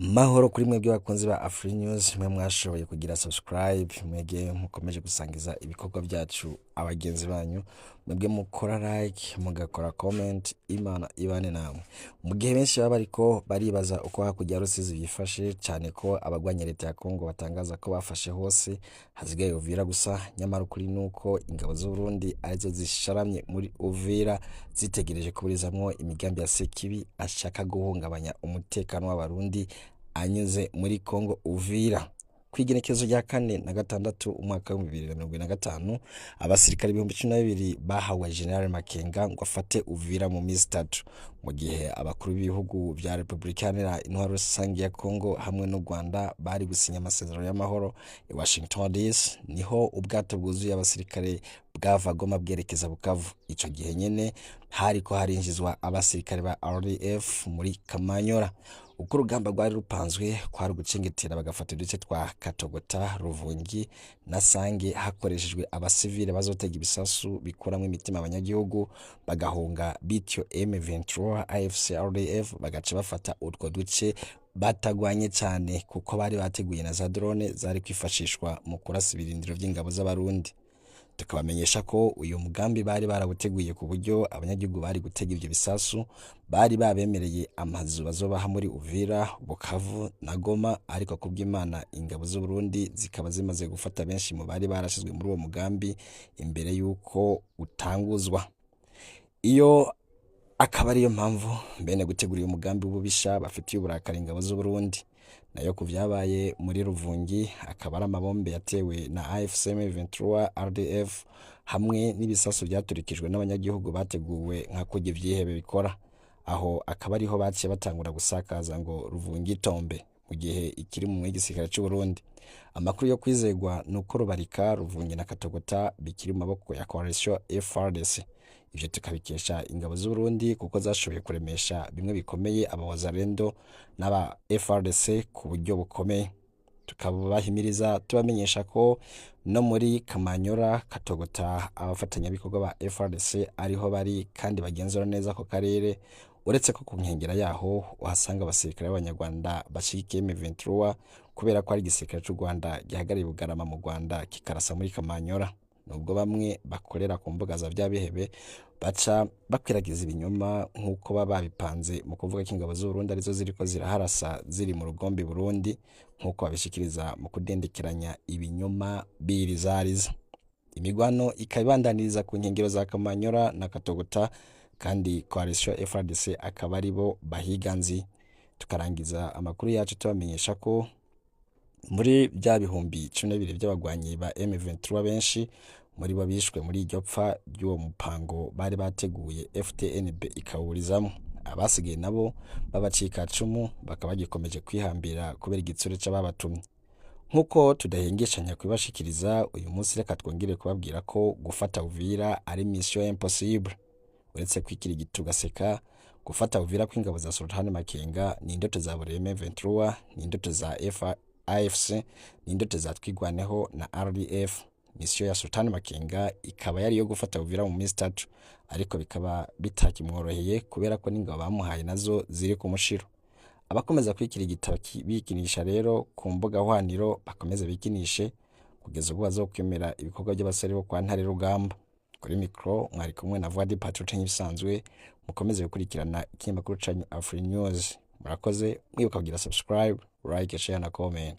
mahoro kuri mwebwe bakunzi ba afri news mwe mwashoboye kugira subscribe mwege mukomeje gusangiza ibikorwa byacu abagenzi banyu mwebwe mukora like mugakora comment imana ibane namwe mu gihe benshi baba ariko baribaza uko hakurya ya rusizi byifashe cyane ko abagwanya leta ya kongo batangaza ko bafashe hose hasigaye uvira gusa nyamara ukuri nuko ingabo z'uburundi arizo zisharamye muri uvira zitegereje kuburizamwo imigambi ya sekibi ashaka guhungabanya umutekano w'abarundi anyuze muri Congo Uvira ku igenekerezo rya kane na gatandatu umwaka w'ibihumbi bibiri na mirongo na gatanu abasirikare ibihumbi cumi na bibiri bahawe General Makenga ngo afate Uvira mu minsi itatu mu gihe abakuru b'ibihugu bya Repubulika ya Intwaro Rusange ya kongo hamwe n'u Rwanda bari gusinya amasezerano y'amahoro i Washington DC niho ubwato bwuzuye abasirikare bwava Goma bwerekeza Bukavu ico gihe nyene hariko harinjizwa abasirikare ba RDF muri Kamanyora ubwo urugamba rwari rupanzwe kwari ugucengitira bagafata uduce twa katogota ruvungi na sange hakoreshejwe abasivile bazotega ibisasu bikuramo imitima abanyagihugu bagahunga bityo M23 AFC bagaca bafata utwo duce batagwanye cyane kuko bari bateguye na za drone zari kwifashishwa mu kurasa ibirindiro by'ingabo z'abarundi tukabamenyesha ko uyu mugambi bari barawuteguye ku buryo abanyagihugu bari gutega ibyo bisasu bari babemereye amazu bazobaha muri Uvira Bukavu na Goma ariko ku kubw'Imana ingabo z'u Burundi zikaba zimaze gufata benshi mu bari barashyizwe muri uwo mugambi imbere y'uko utanguzwa iyo akaba ariyo mpamvu bene gutegura uyu mugambi w'ububisha bafitiye uburakari ingabo z'u Burundi nayo ku byabaye muri Ruvungi akaba ari amabombe yatewe na AFC M23 RDF hamwe n'ibisasu byaturikijwe n'abanyagihugu bateguwe nka kujya ibyihebe bikora aho akaba ariho baciye batangura gusakaza ngo Ruvungi itombe mu gihe ikiri mu mwegisirikare cy'u Burundi amakuru yo kwizegwa ni uko Rubarika Ruvungi na Katogota bikiri mu maboko ya coalition FRDC ibyo tukabikesha ingabo z'u Burundi kuko zashoboye kuremesha bimwe bikomeye abawazarendo n'aba FRDC ku buryo bukomeye tukabahimiriza tubamenyesha ko no muri Kamanyora Katogota abafatanyabikorwa ba FRDC ariho bari kandi bagenzura neza ako karere uretse ko ku nkengera yaho uhasanga abasirikare b'abanyarwanda bashyigikiye ikeme ventura kubera ko ari igisirikare cy'u Rwanda gihagarariye ubugarama mu Rwanda kikarasa muri Kamanyora nubwo bamwe bakorera ku mbuga za bya bihebe baca bakwiragiza ibinyoma nk'uko baba babipanze mu kuvuga ko ingabo z'Uburundi arizo ziri ko ziraharasa ziri mu rugombi Burundi nk'uko babishyikiriza mu kudendekeranya ibinyoma birizariza imigwano ikaba ibandaniriza ku nkengero za Kamanyora na Katogota kandi coalition FRDC akaba ari bo bahiga tukarangiza amakuru yacu tubamenyesha ko muri bya bihumbi cumi na by'abagwanyi ba M23 benshi muri bo bishwe muri iryo pfa ry'uwo mupango bari bateguye FTNB ikawurizamo abasigaye nabo b'abacikacumu bakaba bagikomeje kwihambira kubera igitsure c'ababatumye nk'uko tudahengeshanya kubibashikiriza uyu munsi reka twongere kubabwira ko gufata uvira ari misiyo impossible uretse kwikira igiti gufata Uvira kw'ingabo za Sultani Makenga ni indoto za Bureme Ventura ni indoto za FA, AFC ni indoto za Twigwaneho na RDF misiyo ya Sultani Makenga ikaba yari yo gufata Uvira mu minsi itatu ariko bikaba bitakimworoheye kubera ko n'ingabo bamuhaye nazo ziri ku mushiro abakomeza kwikira igitabo bikinisha rero ku mbuga hwaniro bakomeza bikinishe kugeza ubwo bazokwemera ibikorwa by'abasore bo kwa Ntare Rugamba kuri micro mwari kumwe na voix de patron bisanzwe mukomeze gukurikirana ikinyamakuru canyu afri news murakoze mwibuka kugira subscribe like share na comment